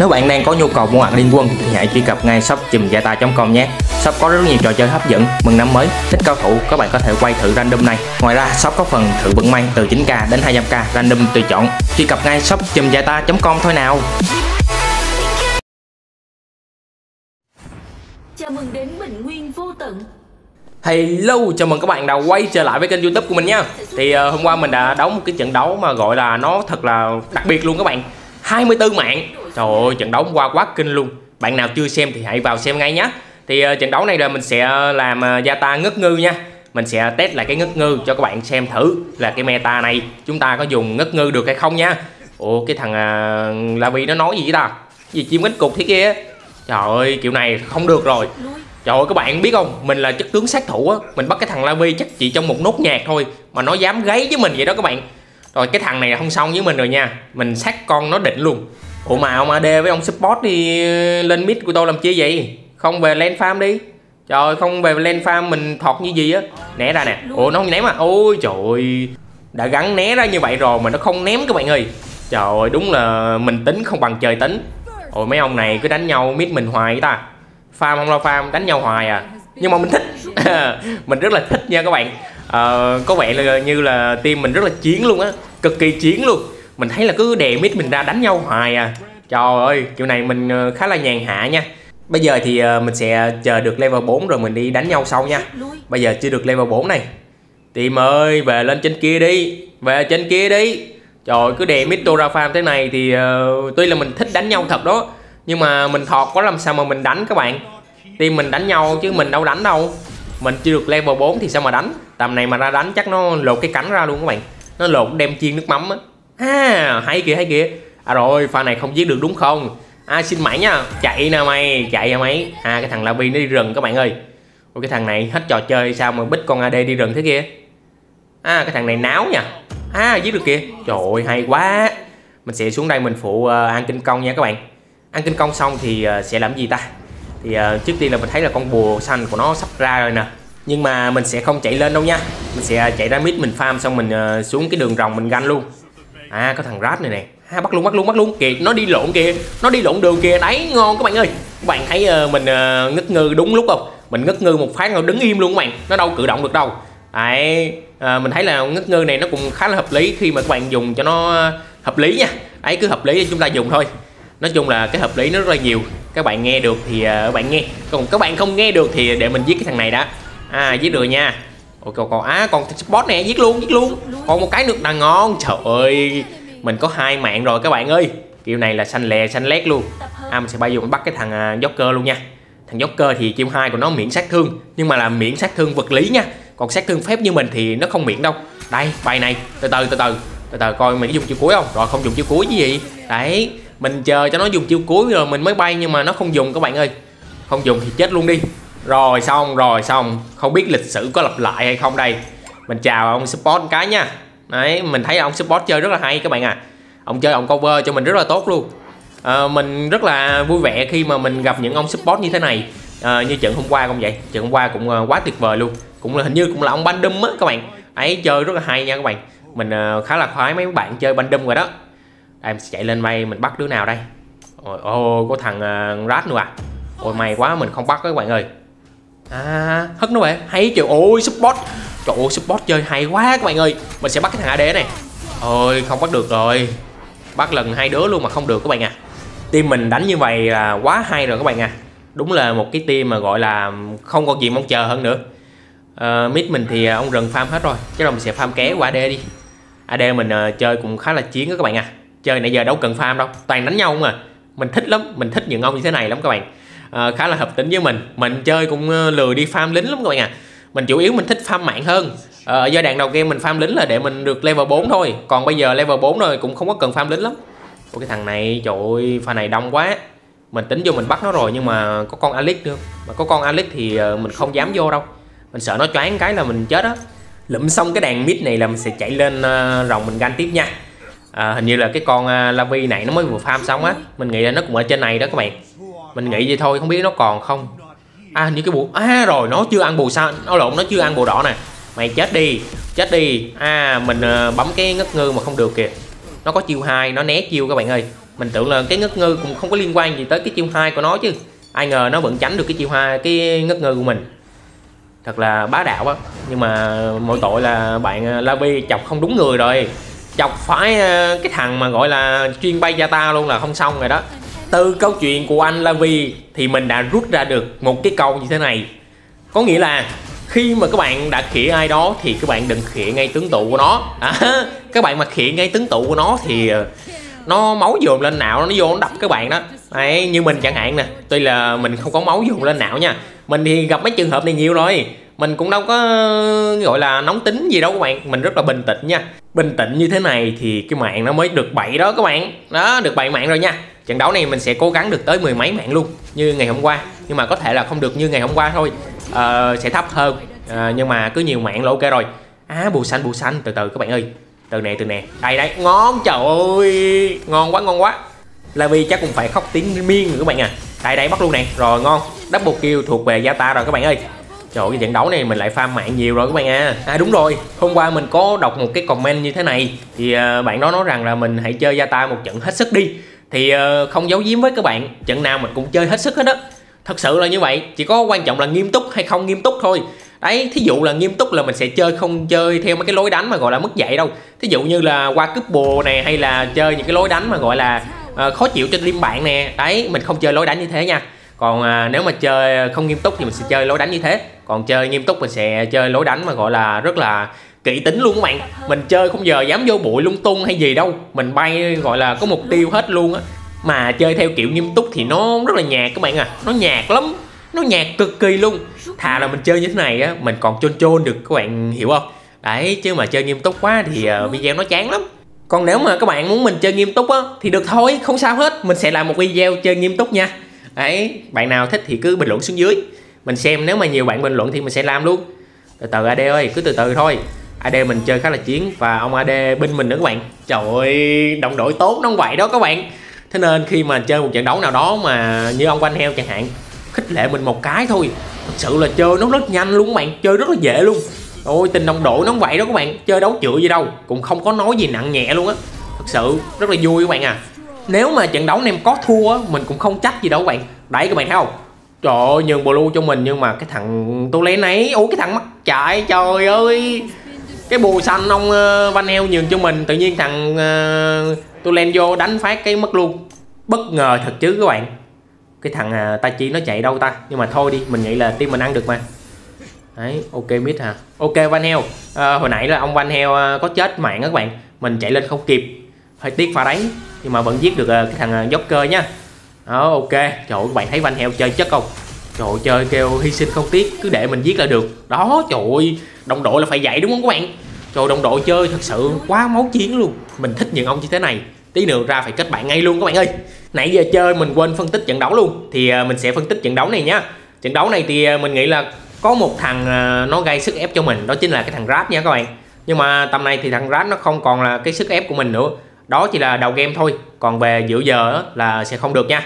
Nếu bạn đang có nhu cầu mua hàng liên quân thì hãy truy cập ngay shop chùm com nhé. Shop có rất nhiều trò chơi hấp dẫn, mừng năm mới, thích cao thủ các bạn có thể quay thử random này. Ngoài ra shop có phần thử vận may từ 9k đến 200k random tùy chọn. Truy cập ngay shop chùm com thôi nào. Chào mừng đến Bình Nguyên vô tận. Hello, chào mừng các bạn đã quay trở lại với kênh youtube của mình nha Thì uh, hôm qua mình đã đấu một cái trận đấu mà gọi là nó thật là đặc biệt luôn các bạn 24 mạng Trời ơi trận đấu qua quá kinh luôn Bạn nào chưa xem thì hãy vào xem ngay nhé Thì uh, trận đấu này là mình sẽ ờ, làm uh, ta ngất ngư nha Mình sẽ test lại cái ngất ngư cho các bạn xem thử Là cái meta này chúng ta có dùng ngất ngư được hay không nha Ủa cái thằng uh, Lavi nó nói gì vậy ta Gì chim cánh cục thế kia Trời ơi kiểu này không được rồi Trời ơi các bạn biết không Mình là chất tướng sát thủ á Mình bắt cái thằng Lavi chắc chỉ trong một nốt nhạc thôi Mà nó dám gáy với mình vậy đó các bạn Rồi cái thằng này là không xong với mình rồi nha Mình sát con nó định luôn Ủa mà ông AD với ông support thì lên mid của tôi làm chi vậy? Không về lên farm đi. Trời không về lên farm mình thọt như gì á. Né ra nè. Ủa nó không ném à? Ôi trời Đã gắn né ra như vậy rồi mà nó không ném các bạn ơi. Trời ơi, đúng là mình tính không bằng trời tính. Ôi mấy ông này cứ đánh nhau mid mình hoài vậy ta. Farm không lo farm, đánh nhau hoài à. Nhưng mà mình thích. mình rất là thích nha các bạn. Ờ, có vẻ là như là team mình rất là chiến luôn á. Cực kỳ chiến luôn mình thấy là cứ đè mít mình ra đánh nhau hoài à trời ơi kiểu này mình ờ, khá là nhàn hạ nha bây giờ thì ờ, mình sẽ chờ được level 4 rồi mình đi đánh nhau sau nha bây giờ chưa được level 4 này tìm ơi về lên trên kia đi về trên kia đi trời cứ đè mít tôi ra farm thế này thì uh, tuy là mình thích đánh nhau thật đó nhưng mà mình thọt quá làm sao mà mình đánh các bạn Team mình đánh nhau chứ mình đâu đánh đâu Mình chưa được level 4 thì sao mà đánh Tầm này mà ra đánh chắc nó lột cái cánh ra luôn các bạn Nó lột đem chiên nước mắm á à, hay kìa hay kìa à rồi pha này không giết được đúng không à xin mày nha chạy nè mày chạy nè à mày à cái thằng la nó đi rừng các bạn ơi Ôi cái thằng này hết trò chơi sao mà bích con AD đi rừng thế kia À cái thằng này náo nha À giết được kìa Trời ơi hay quá Mình sẽ xuống đây mình phụ uh, ờ, ăn kinh công nha các bạn Ăn kinh công xong thì uh, sẽ làm gì ta Thì uh, trước tiên là mình thấy là con bùa xanh của nó sắp ra rồi nè Nhưng mà mình sẽ không chạy lên đâu nha Mình sẽ chạy ra mid mình farm xong mình uh, xuống cái đường rồng mình ganh luôn à có thằng rat này nè ha bắt luôn bắt luôn bắt luôn kìa nó đi lộn kìa nó đi lộn đường kìa đấy ngon các bạn ơi các bạn thấy uh, mình uh, ngất ngư đúng lúc không mình ngất ngư một phát nó đứng im luôn các bạn nó đâu cử động được đâu đấy à, mình thấy là ngất ngư này nó cũng khá là hợp lý khi mà các bạn dùng cho nó hợp lý nha ấy cứ hợp lý chúng ta dùng thôi nói chung là cái hợp lý nó rất là nhiều các bạn nghe được thì uh, các bạn nghe còn các bạn không nghe được thì để mình giết cái thằng này đã à viết được nha ok còn á, còn spot nè giết luôn giết luôn còn một cái nước là ngon trời ơi mình có hai mạng rồi các bạn ơi kiểu này là xanh lè xanh lét luôn à mình sẽ bay dùng bắt cái thằng à, Joker luôn nha thằng Joker thì chiêu hai của nó miễn sát thương nhưng mà là miễn sát thương vật lý nha còn sát thương phép như mình thì nó không miễn đâu đây bài này từ từ từ từ từ từ coi mình có dùng chiêu cuối không rồi không dùng chiêu cuối chứ gì đấy mình chờ cho nó dùng chiêu cuối rồi mình mới bay nhưng mà nó không dùng các bạn ơi không dùng thì chết luôn đi rồi xong rồi xong Không biết lịch sử có lặp lại hay không đây Mình chào ông support cái nha Đấy mình thấy ông support chơi rất là hay các bạn à Ông chơi ông cover cho mình rất là tốt luôn à, Mình rất là vui vẻ khi mà mình gặp những ông support như thế này à, Như trận hôm qua cũng vậy Trận hôm qua cũng uh, quá tuyệt vời luôn Cũng là hình như cũng là ông Bandum á các bạn ấy chơi rất là hay nha các bạn Mình uh, khá là khoái mấy bạn chơi Bandum rồi đó em sẽ chạy lên bay mình bắt đứa nào đây Ôi, ôi có thằng uh, Rat nữa à Ôi may quá mình không bắt các bạn ơi à hất nó bạn hay chịu ôi support trời ơi support chơi hay quá các bạn ơi mình sẽ bắt cái thằng AD này ôi không bắt được rồi bắt lần hai đứa luôn mà không được các bạn à team mình đánh như vậy là quá hay rồi các bạn à đúng là một cái team mà gọi là không còn gì mong chờ hơn nữa uh, mid mình thì ờ, ông rừng farm hết rồi chứ là mình sẽ farm ké qua AD đi AD mình ờ, chơi cũng khá là chiến đó các bạn à chơi nãy giờ đâu cần farm đâu toàn đánh nhau không à mình thích lắm mình thích những ông như thế này lắm các bạn Ờ, khá là hợp tính với mình mình chơi cũng ờ, lười đi farm lính lắm các bạn ạ mình chủ yếu mình thích farm mạng hơn ờ, ở uh, giai đoạn đầu game mình farm lính là để mình được level 4 thôi còn bây giờ level 4 rồi cũng không có cần farm lính lắm Ủa cái thằng này trời ơi pha này đông quá mình tính vô mình bắt nó rồi nhưng mà có con Alex nữa mà có con Alex thì mình không dám vô đâu mình sợ nó choáng cái là mình chết á lụm xong cái đàn mid này là mình sẽ chạy lên rồng mình ganh tiếp nha à, hình như là cái con uh, Lavi này nó mới vừa farm xong á mình nghĩ là nó cũng ở trên này đó các bạn mình nghĩ vậy thôi không biết nó còn không à như cái bù à rồi nó chưa ăn bù sao? nó lộn nó chưa ăn bù đỏ nè mày chết đi chết đi à mình ờ, bấm cái ngất ngư mà không được kìa nó có chiêu hai nó né chiêu các bạn ơi mình tưởng là cái ngất ngư cũng không có liên quan gì tới cái chiêu hai của nó chứ ai ngờ nó vẫn tránh được cái chiêu hai cái ngất ngư của mình thật là bá đạo á nhưng mà mỗi tội là bạn ờ, Lavi chọc không đúng người rồi chọc phải ờ, cái thằng mà gọi là chuyên bay gia ta luôn là không xong rồi đó từ câu chuyện của anh La thì mình đã rút ra được một cái câu như thế này có nghĩa là khi mà các bạn đã khỉa ai đó thì các bạn đừng khỉa ngay tướng tụ của nó à, các bạn mà khỉa ngay tướng tụ của nó thì ờ, nó máu dồn lên não nó vô nó đập các bạn đó Đấy, như mình chẳng hạn nè tuy là mình không có máu dồn lên não nha mình thì gặp mấy trường hợp này nhiều rồi mình cũng đâu có gọi là nóng tính gì đâu các bạn mình rất là bình tĩnh nha bình tĩnh như thế này thì cái mạng nó mới được bảy đó các bạn đó được bảy mạng rồi nha trận đấu này mình sẽ cố gắng được tới mười mấy mạng luôn như ngày hôm qua nhưng mà có thể là không được như ngày hôm qua thôi à, sẽ thấp hơn à, nhưng mà cứ nhiều mạng là ok rồi á bù xanh bù xanh từ từ các bạn ơi từ nè từ nè đây đây ngon trời ơi ngon quá ngon quá là vì chắc cũng phải khóc tiếng miên nữa các bạn à đây đây bắt luôn nè rồi ngon double kill thuộc về gia ta rồi các bạn ơi Trời cái trận đấu này mình lại farm mạng nhiều rồi các bạn à À đúng rồi, hôm qua mình có đọc một cái comment như thế này Thì uh, bạn đó nói rằng là mình hãy chơi gia Yata một trận hết sức đi Thì uh, không giấu giếm với các bạn, trận nào mình cũng chơi hết sức hết á Thật sự là như vậy, chỉ có quan trọng là nghiêm túc hay không nghiêm túc thôi Đấy, thí dụ là nghiêm túc là mình sẽ chơi không chơi theo mấy cái lối đánh mà gọi là mất dạy đâu Thí dụ như là qua cúp bồ này hay là chơi những cái lối đánh mà gọi là uh, khó chịu cho team bạn nè Đấy, mình không chơi lối đánh như thế nha còn à, nếu mà chơi không nghiêm túc thì mình sẽ chơi lối đánh như thế còn chơi nghiêm túc mình sẽ chơi lối đánh mà gọi là rất là kỹ tính luôn các bạn mình chơi không giờ dám vô bụi lung tung hay gì đâu mình bay gọi là có mục tiêu hết luôn á mà chơi theo kiểu nghiêm túc thì nó rất là nhạt các bạn à nó nhạt lắm nó nhạt cực kỳ luôn thà là mình chơi như thế này á mình còn chôn chôn được các bạn hiểu không đấy chứ mà chơi nghiêm túc quá thì ờ, video nó chán lắm còn nếu mà các bạn muốn mình chơi nghiêm túc á thì được thôi không sao hết mình sẽ làm một video chơi nghiêm túc nha đấy bạn nào thích thì cứ bình luận xuống dưới mình xem nếu mà nhiều bạn bình luận thì mình sẽ làm luôn từ từ AD ơi cứ từ từ thôi AD mình chơi khá là chiến và ông AD binh mình nữa các bạn trời ơi đồng đội tốt nó vậy đó các bạn thế nên khi mà chơi một trận đấu nào đó mà như ông quanh heo chẳng hạn khích lệ mình một cái thôi thật sự là chơi nó rất nhanh luôn các bạn chơi rất là dễ luôn ôi tình đồng đội nó vậy đó các bạn chơi đấu chữa gì đâu cũng không có nói gì nặng nhẹ luôn á thật sự rất là vui các bạn à nếu mà trận đấu anh em có thua á, mình cũng không trách gì đâu các bạn đấy các bạn thấy không trời ơi nhường blue cho mình nhưng mà cái thằng tôi lấy nấy ủa cái thằng mắc chạy trời ơi cái bù xanh ông ờ, van heo nhường cho mình tự nhiên thằng uh, tôi len vô đánh phát cái mất luôn bất ngờ thật chứ các bạn cái thằng uh, chi nó chạy đâu ta nhưng mà thôi đi mình nghĩ là team mình ăn được mà đấy ok mid hả ok van heo à, hồi nãy là ông van heo uh, có chết mạng các bạn mình chạy lên không kịp hơi tiếc pha đấy nhưng mà vẫn giết được uh, cái thằng uh, joker nha đó ờ, ok trời các bạn thấy van heo chơi chất không trời chơi kêu hy sinh không tiếc cứ để mình giết là được đó trời đồng đội là phải dạy đúng không các bạn trời đồng đội chơi thật sự quá máu chiến luôn mình thích những ông như thế này tí nữa ra phải kết bạn ngay luôn các bạn ơi nãy giờ chơi mình quên phân tích trận đấu luôn thì à, mình sẽ phân tích trận đấu này nhá trận đấu này thì à, mình nghĩ là có một thằng à, nó gây sức ép cho mình đó chính là cái thằng rap nha các bạn nhưng mà tầm này thì thằng rap nó không còn là cái sức ép của mình nữa đó chỉ là đầu game thôi còn về giữa giờ là sẽ không được nha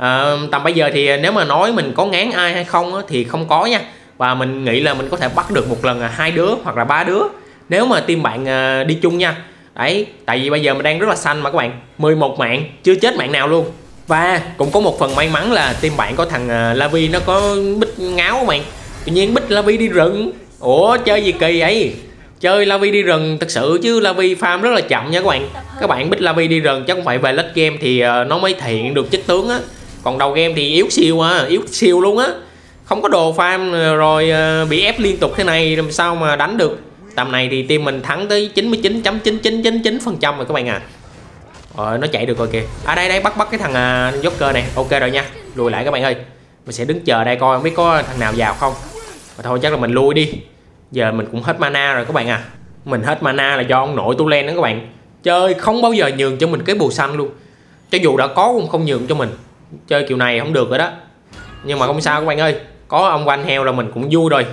à, tầm bây giờ thì nếu mà nói mình có ngán ai hay không thì không có nha và mình nghĩ là mình có thể bắt được một lần à, hai đứa hoặc là ba đứa nếu mà team bạn à, đi chung nha đấy tại vì bây giờ mình đang rất là xanh mà các bạn 11 mạng chưa chết mạng nào luôn và cũng có một phần may mắn là team bạn có thằng à, Lavi nó có bích ngáo các bạn tự nhiên bích Lavi đi rừng ủa chơi gì kỳ vậy chơi Lavi đi rừng thật sự chứ Lavi farm rất là chậm nha các bạn các bạn bích Lavi đi rừng chắc cũng phải về lết game thì nó mới thiện được chất tướng á còn đầu game thì yếu siêu à yếu siêu luôn á không có đồ farm ờ, rồi ờ, bị ép liên tục thế này làm sao mà đánh được tầm này thì team mình thắng tới 99.9999 phần trăm rồi các bạn à ờ, nó chạy được rồi kìa à đây đây bắt bắt cái thằng uh, Joker này ok rồi nha lùi lại các bạn ơi mình sẽ đứng chờ đây coi không biết có thằng nào vào không mà thôi chắc là mình lui đi giờ mình cũng hết mana rồi các bạn à mình hết mana là do ông nội tu len đó các bạn chơi không bao giờ nhường cho mình cái bù xanh luôn cho dù đã có cũng không nhường cho mình chơi kiểu này không được rồi đó nhưng mà không sao các bạn ơi có ông quanh heo là mình cũng vui rồi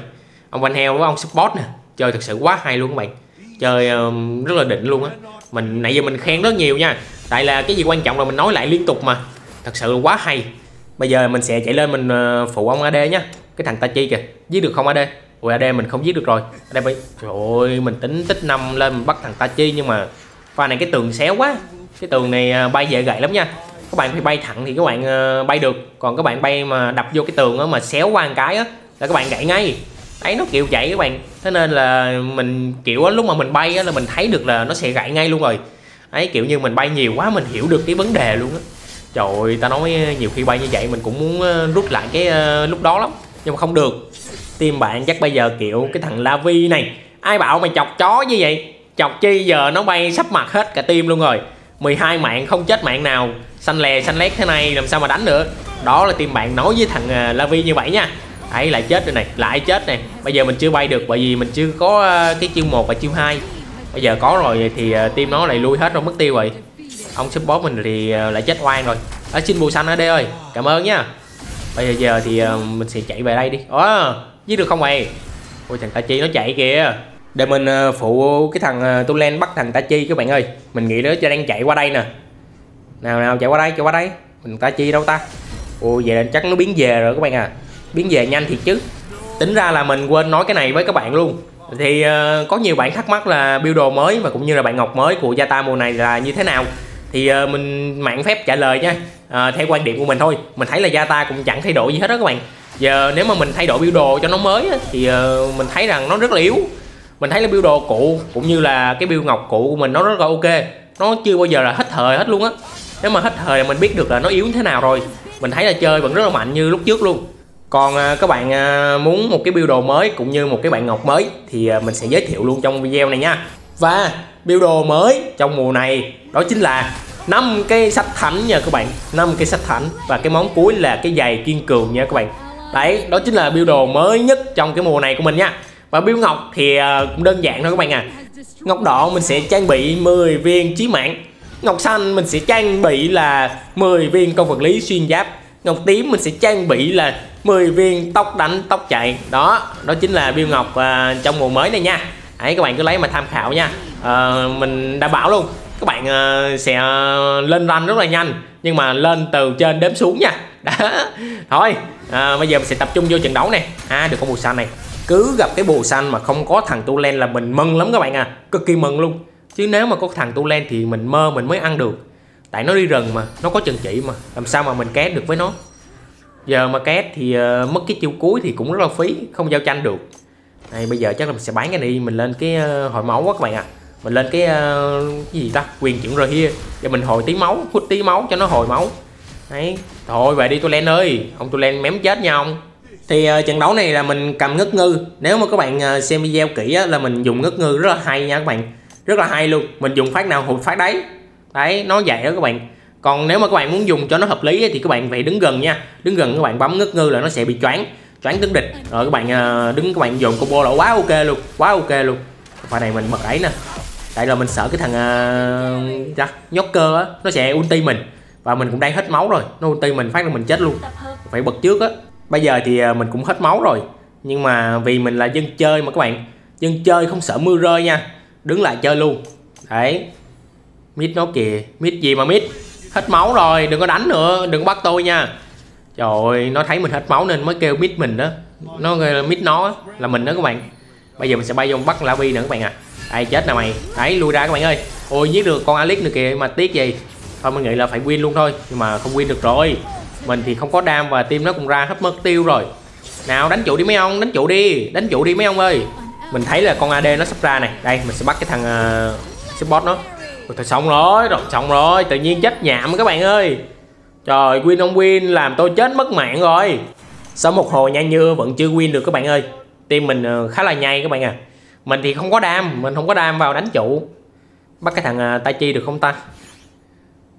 ông quanh heo với ông support nè chơi thật sự quá hay luôn các bạn chơi um, rất là định luôn á mình nãy giờ mình khen rất nhiều nha tại là cái gì quan trọng là mình nói lại liên tục mà thật sự quá hay bây giờ mình sẽ chạy lên mình ờ, phụ ông AD nhá cái thằng Tachi kìa giết được không AD Ui AD mình không giết được rồi đây bây trời ơi mình tính tích năm lên mình bắt thằng Tachi nhưng mà pha này cái tường xéo quá cái tường này ờ, bay dễ gậy lắm nha các bạn phải bay thẳng thì các bạn ờ, bay được còn các bạn bay mà đập vô cái tường á mà xéo qua một cái á là các bạn gãy ngay ấy nó kiểu chạy các bạn thế nên là mình kiểu lúc mà mình bay là mình thấy được là nó sẽ gãy ngay luôn rồi ấy kiểu như mình bay nhiều quá mình hiểu được cái vấn đề luôn á trời ta nói ờ, nhiều khi bay như vậy mình cũng muốn ờ, rút lại cái lúc đó lắm nhưng mà không được tim bạn chắc bây giờ kiểu cái thằng la vi này ai bảo mày chọc chó như vậy chọc chi giờ nó bay sắp mặt hết cả tim luôn rồi 12 mạng không chết mạng nào xanh lè xanh lét thế này làm sao mà đánh được đó là team bạn nói với thằng à, Lavi như vậy nha ấy lại chết rồi này lại chết này bây giờ mình chưa bay được bởi vì mình chưa có à, cái chiêu 1 và chiêu 2 bây giờ có rồi thì à, team nó lại lui hết rồi mất tiêu rồi ông support mình thì lại chết oan rồi à, xin bù xanh ở đây ơi cảm ơn nha bây giờ giờ thì mình sẽ chạy về đây đi ồ à, giết được không mày ôi thằng ta chi nó chạy kìa để mình ờ, phụ cái thằng ờ, tu len bắt thằng ta chi các bạn ơi mình nghĩ nó cho đang chạy qua đây nè nào nào chạy qua đây chạy qua đây mình ta chi đâu ta ồ vậy là chắc nó biến về rồi các bạn à biến về nhanh thiệt chứ tính ra là mình quên nói cái này với các bạn luôn thì uh, có nhiều bạn thắc mắc là build đồ mới và cũng như là bạn ngọc mới của gia ta mùa này là như thế nào thì uh, mình mạng phép trả lời nha uh, theo quan điểm của mình thôi mình thấy là gia ta cũng chẳng thay đổi gì hết đó các bạn giờ nếu mà mình thay đổi build đồ cho nó mới thì uh, mình thấy rằng nó rất là yếu mình thấy là build đồ cũ cũng như là cái build ngọc cũ của mình nó rất là ok nó chưa bao giờ là hết thời hết luôn á nếu mà hết thời là mình biết được là nó yếu như thế nào rồi mình thấy là chơi vẫn rất là mạnh như lúc trước luôn còn à, các bạn à, muốn một cái build đồ mới cũng như một cái bạn ngọc mới thì à, mình sẽ giới thiệu luôn trong video này nha và build đồ mới trong mùa này đó chính là năm cái sách thánh nha các bạn năm cái sách thánh và cái món cuối là cái giày kiên cường nha các bạn đấy đó chính là build đồ mới nhất trong cái mùa này của mình nha và biêu ngọc thì ờ, cũng đơn giản thôi các bạn à ngọc đỏ mình sẽ trang bị 10 viên chí mạng ngọc xanh mình sẽ trang bị là 10 viên công vật lý xuyên giáp ngọc tím mình sẽ trang bị là 10 viên tóc đánh tóc chạy đó đó chính là biêu ngọc à, trong mùa mới này nha hãy các bạn cứ lấy mà tham khảo nha à, mình đảm bảo luôn các bạn uh, sẽ uh, lên rank rất là nhanh nhưng mà lên từ trên đếm xuống nha đó thôi à, bây giờ mình sẽ tập trung vô trận đấu này à được con màu xanh này cứ gặp cái bù xanh mà không có thằng tu len là mình mừng lắm các bạn à cực kỳ mừng luôn chứ nếu mà có thằng tu len thì mình mơ mình mới ăn được tại nó đi rừng mà nó có chân chỉ mà làm sao mà mình két được với nó giờ mà két thì uh, mất cái chiêu cuối thì cũng rất là phí không giao tranh được này bây giờ chắc là mình sẽ bán cái này mình lên cái uh, ờ, hồi máu quá các bạn à mình lên cái, uh, cái gì ta quyền chuyển rồi kia, cho mình hồi tí máu hút tí máu cho nó hồi máu đấy thôi về đi tôi len ơi ông tôi len mém chết nha ông thì uh, trận đấu này là mình cầm ngất ngư nếu mà các bạn uh, xem video kỹ á, là mình dùng ngất ngư rất là hay nha các bạn rất là hay luôn mình dùng phát nào hụt phát đấy đấy nó vậy đó các bạn còn nếu mà các bạn muốn dùng cho nó hợp lý thì các bạn phải đứng gần nha đứng gần các bạn bấm ngất ngư là nó sẽ bị choáng choáng tướng địch rồi các bạn uh, đứng các bạn dùng combo là quá ok luôn quá ok luôn pha này mình bật ấy nè tại là mình sợ cái thằng uh, nhóc cơ á nó sẽ ulti mình và mình cũng đang hết máu rồi nó ulti mình phát là mình chết luôn phải bật trước á bây giờ thì à, mình cũng hết máu rồi nhưng mà vì mình là dân chơi mà các bạn dân chơi không sợ mưa rơi nha đứng lại chơi luôn đấy mít nó kìa mít gì mà mít hết máu rồi đừng có đánh nữa đừng có bắt tôi nha trời ơi nó thấy mình hết máu nên mới kêu mít mình đó nó là mít nó là mình đó các bạn bây giờ mình sẽ bay vô bắt la vi nữa các bạn à ai chết nào mày đấy lui ra các bạn ơi ôi giết được con alex nữa kìa mà tiếc gì thôi mình nghĩ là phải win luôn thôi nhưng mà không win được rồi mình thì không có đam và team nó cũng ra hết mất tiêu rồi nào đánh trụ đi mấy ông đánh trụ đi đánh trụ đi mấy ông ơi mình thấy là con ad nó sắp ra này đây mình sẽ bắt cái thằng uh, support nó rồi, thôi xong rồi rồi xong rồi tự nhiên chết nhảm các bạn ơi trời win ông win làm tôi chết mất mạng rồi sau một hồi nhanh như vẫn chưa win được các bạn ơi team mình uh, khá là nhây các bạn à mình thì không có đam mình không có đam vào đánh trụ bắt cái thằng uh, tai chi được không ta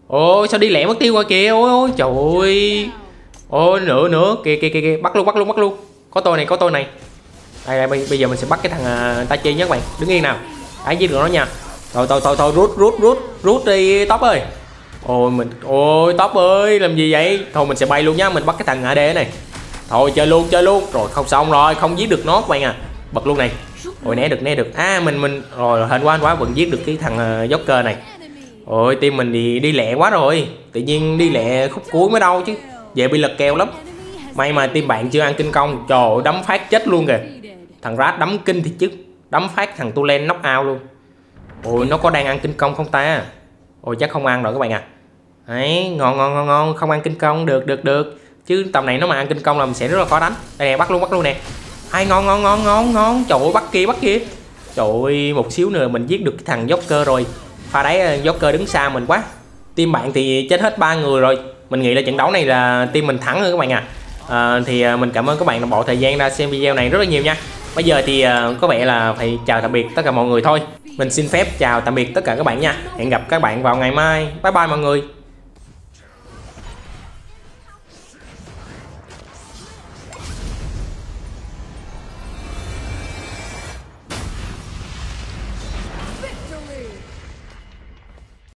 ôi sao đi lẹ mất tiêu rồi kìa ôi ôi trời ơi ôi nữa nữa kìa kìa kìa, bắt luôn bắt luôn bắt luôn có tôi này có tôi này đây, đây bây, bây giờ mình sẽ bắt cái thằng à, ta chi nhé các bạn đứng yên nào ấy giết được nó nha thôi thôi thôi thôi rút rút rút rút đi top ơi ôi mình ôi top ơi làm gì vậy thôi mình sẽ bay luôn nhá mình bắt cái thằng AD này thôi chơi luôn chơi luôn rồi không xong rồi không giết được nó các bạn à bật luôn này ôi né được né được à mình mình rồi hên quá hên quá vẫn giết được cái thằng uh, Joker này Ôi team mình thì đi lẹ quá rồi Tự nhiên đi lẹ khúc cuối mới đâu chứ về bị lật kèo lắm May mà team bạn chưa ăn kinh công Trời ơi đấm phát chết luôn kìa Thằng Rát đấm kinh thì chứ Đấm phát thằng Tulen knock out luôn Ôi nó có đang ăn kinh công không ta Ôi chắc không ăn rồi các bạn à Đấy ngon ngon ngon ngon Không ăn kinh công được được được Chứ tầm này nó mà ăn kinh công là mình sẽ rất là khó đánh Đây nè bắt luôn bắt luôn nè Ai ngon ngon ngon ngon ngon Trời ơi bắt kia bắt kia Trời ơi một xíu nữa mình giết được cái thằng Joker rồi pha đấy ờ, Joker đứng xa mình quá team bạn thì chết hết ba người rồi mình nghĩ là trận đấu này là team mình thắng rồi các bạn à. à thì ờ, mình cảm ơn các bạn đã bỏ thời gian ra xem video này rất là nhiều nha bây giờ thì có vẻ là phải chào tạm biệt tất cả mọi người thôi mình xin phép chào tạm biệt tất cả các bạn nha hẹn gặp các bạn vào ngày mai bye bye mọi người